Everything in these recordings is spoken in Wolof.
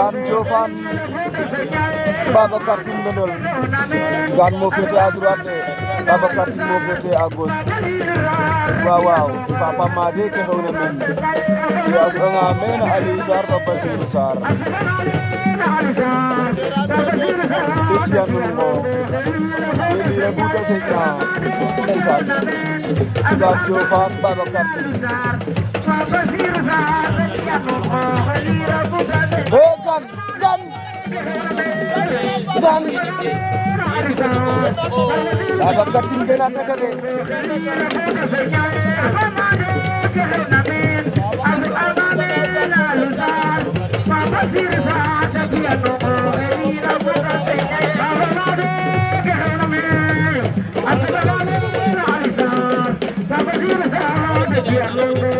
Ngane Diofane Babacar Tine Ndondol Ngane moo féete à droite Babacar Tine moo féete à gauche waaw waaw Papa Made ke xewna meen i a soɓanga meen Aliou Sarr fo Bassirou Sarr Etienne Ngor Elie Bouta Seydina ndeysaan Ngane Diofane Babacar Tine dan dan dan Babakar tinggal apa kata? Thank you.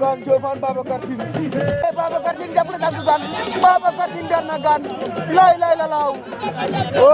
gaan Diofane Babacar Tine e Babacar Tine jàpp na tànk gaan Babacar Tine lay lay la